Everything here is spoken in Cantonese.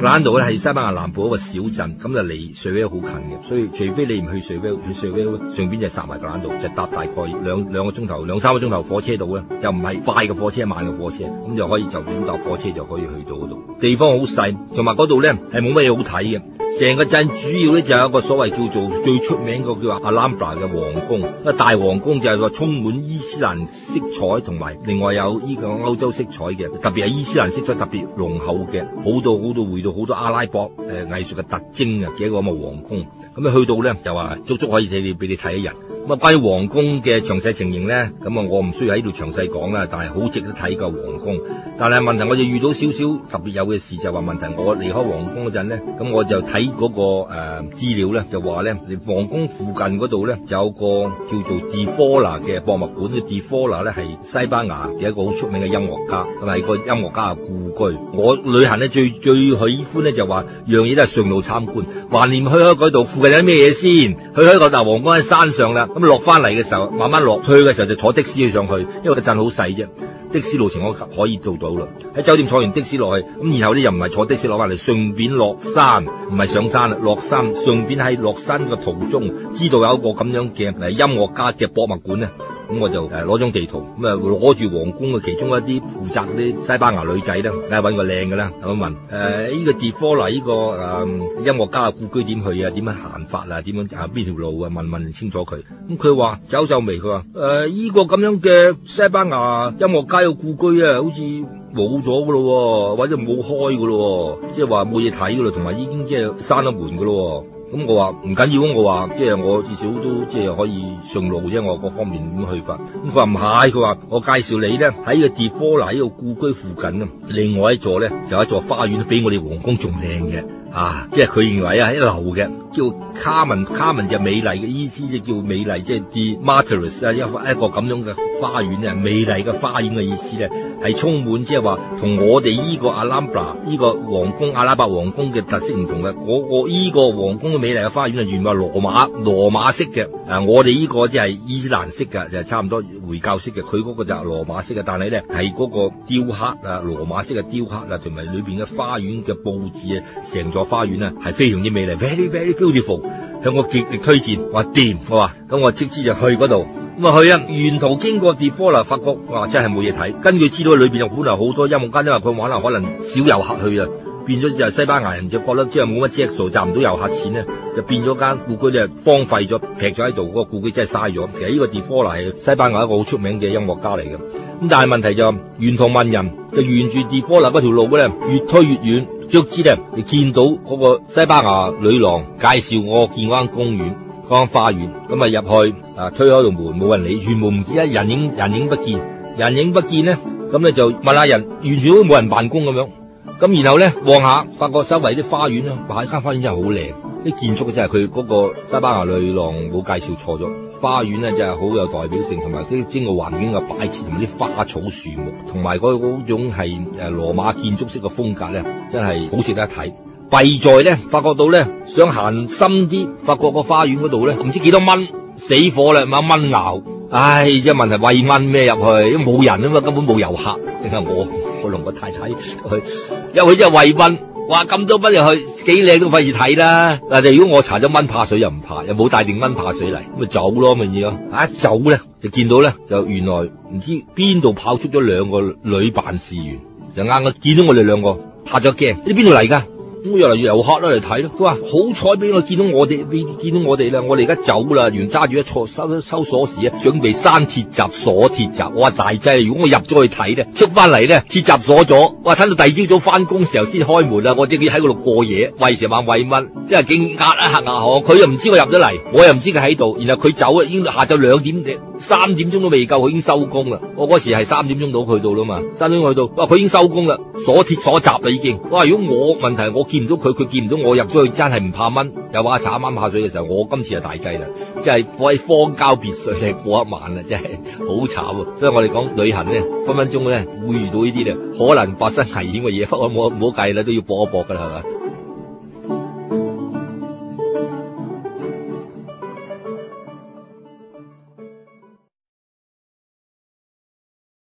格拉那達咧係西班牙南部一個小鎮，咁就離塞維爾好近嘅，所以除非你唔去塞維爾去塞維爾上邊就塞埋個格拉那達，就搭大概兩兩個鐘頭、兩三個鐘頭火車到咧，就唔係快嘅火車，慢嘅火車，咁就可以就咁搭火車就可以去到嗰度。地方好細，同埋嗰度咧係冇乜嘢好睇嘅。成個鎮主要咧就有一個所謂叫做最出名個叫話阿蘭布拉嘅皇宮，個大皇宮就係話充滿伊斯蘭色彩同埋，另外有呢個歐洲色彩嘅，特別係伊斯蘭色彩特別濃厚嘅，好多好多回到好多阿拉伯誒、呃、藝術嘅特徵嘅一個咁嘅皇宮，咁、嗯、樣去到咧就話足足可以俾你俾你睇一日。咁啊，關於皇宮嘅詳細情形咧，咁啊，我唔需要喺度詳細講啦。但係好值得睇嘅皇宮，但係問題我就遇到少少特別有嘅事就話、是、問題我離開皇宮陣咧，咁我就睇嗰、那個誒、呃、資料咧，就話咧，皇宮附近度咧就有個叫做 de Falla 嘅博物館。de Falla 咧係西班牙嘅一個好出名嘅音樂家，同、就、埋、是、個音樂家嘅故居。我旅行咧最最喜歡咧就話樣嘢都係順路參觀懷念去開度附近有咩嘢先。去開個大皇宮喺山上啦。咁落翻嚟嘅時候，慢慢落去嘅時候就坐的士去上去，因為個鎮好細啫，的士路程我可可以做到啦。喺酒店坐完的士落去，咁然後咧又唔係坐的士攞翻嚟，順便落山，唔係上山啦，落山，順便喺落山嘅途中知道有一個咁樣嘅誒音樂家嘅博物館啊。咁我就誒攞張地圖，咁啊攞住皇宮嘅其中一啲負責啲西班牙女仔啦，梗係揾個靚嘅啦，咁問誒、呃這個、呢、這個迭科嚟呢個誒音樂家嘅故居點去啊？點樣行法啊？點樣啊？邊條路啊？問問清楚佢。咁佢話走皺眉，佢話誒呢個咁樣嘅西班牙音樂家嘅故居啊，好似冇咗嘅咯喎，或者冇開嘅咯喎，即係話冇嘢睇嘅嘞，同埋已經即係閂咗門嘅咯喎。咁我話唔緊要，我話即係我至少都即係可以上路啫。我各方面點去法。咁佢話唔係，佢話我介紹你咧喺個蒂科那喺個故居附近啊，另外一座咧就是，一座花園，比我哋皇宮仲靚嘅。啊，即係佢認為啊，一流嘅叫卡文卡文就美麗嘅意思就，就叫、是、美麗，即係啲 Martyrs 啊，一一個咁樣嘅花園啊，美麗嘅花園嘅意思咧，係充滿即係話同我哋依個阿蘭布拉依個皇宮阿拉伯皇宮嘅特色唔同嘅，嗰個依個皇宮嘅美麗嘅花園啊，原話羅馬羅馬式嘅啊，我哋依個即係伊斯蘭式嘅，就係、是、差唔多回教式嘅，佢個就係羅馬式嘅，但係咧係個雕刻啊，羅馬式嘅雕刻啊，同埋裏邊嘅花園嘅布置啊，成座。個花園咧係非常之美麗，very very beautiful，向我極力推薦，話掂，我話咁我即之就去嗰度，咁啊去啊，沿途經過迪法拉，發覺哇真係冇嘢睇，根據知道裏邊有本來好多音樂家，因為佢可能可能少遊客去啊，變咗就西班牙人就覺得即係冇乜著數，賺唔到遊客錢咧，就變咗間故居就荒廢咗，劈咗喺度，嗰個故居真係嘥咗。其實呢個迪法拉係西班牙一個好出名嘅音樂家嚟嘅，咁但係問題就係，沿途問人就沿住迪法拉嗰條路咧越推越遠,越遠。卒之咧，你見到嗰個西班牙女郎介紹我見嗰間公園，嗰間花園，咁啊入去啊推開度門冇人理，全部唔知啊人影人影不見，人影不見咧，咁咧就問下人，完全都冇人辦公咁樣，咁然後咧望下，發覺周圍啲花園啊，哇！嗰間花園真係好靚。啲建築嘅真係，佢嗰個西班牙女郎冇介紹錯咗。花園咧真係好有代表性，同埋啲整個環境嘅擺設同埋啲花草樹木，同埋嗰嗰種係誒羅馬建築式嘅風格咧，真係好值得一睇。弊在咧，發覺到咧想行深啲，發覺個花園嗰度咧唔知幾多蚊死火啦，咪蚊咬，唉，即係問題餵蚊咩，入去，因為冇人啊嘛，根本冇遊客，淨係我我同我太太 去，入去真係餵蚊。哇！咁多蚊入去，幾靚都費事睇啦。但係如果我查咗蚊怕水又唔怕，又冇帶定蚊怕水嚟，咁咪走咯，咪要。咯、啊。一走咧，就見到咧，就原來唔知邊度跑出咗兩個女辦事員，就啱啱見到我哋兩個，吓咗驚，你邊度嚟噶？我越嚟越遊客啦嚟睇咯，佢話好彩俾我見到我哋，俾見到我哋啦，我哋而家走啦，完揸住一坐收收鎖匙啊，準備閂鐵閘鎖鐵閘。我話大劑，如果我入咗去睇咧，出翻嚟咧，鐵閘鎖咗，哇，睇到第二朝早翻工時候先開門啦，我正正喺嗰度過夜，喂蛇問喂蚊，即係勁壓啊吓牙河，佢又唔知我入咗嚟，我又唔知佢喺度，然後佢走啦，到已經下晝兩點三點鐘都未夠，佢已經收工啦。我嗰時係三點鐘到去到啦嘛，三點鐘去到，哇，佢已經收工啦，鎖鐵鎖閘啦已經。我話如果我問題我。見唔到佢，佢見唔到我入咗去，真係唔怕蚊。又話慘蚊下水嘅時候，我今次就大劑啦，即係坐喺荒郊別墅嚟過一晚啦，真係好慘啊！所以我哋講旅行咧，分分鐘咧會遇到呢啲咧，可能發生危險嘅嘢，我不過冇冇計啦，都要搏一搏噶啦，係咪？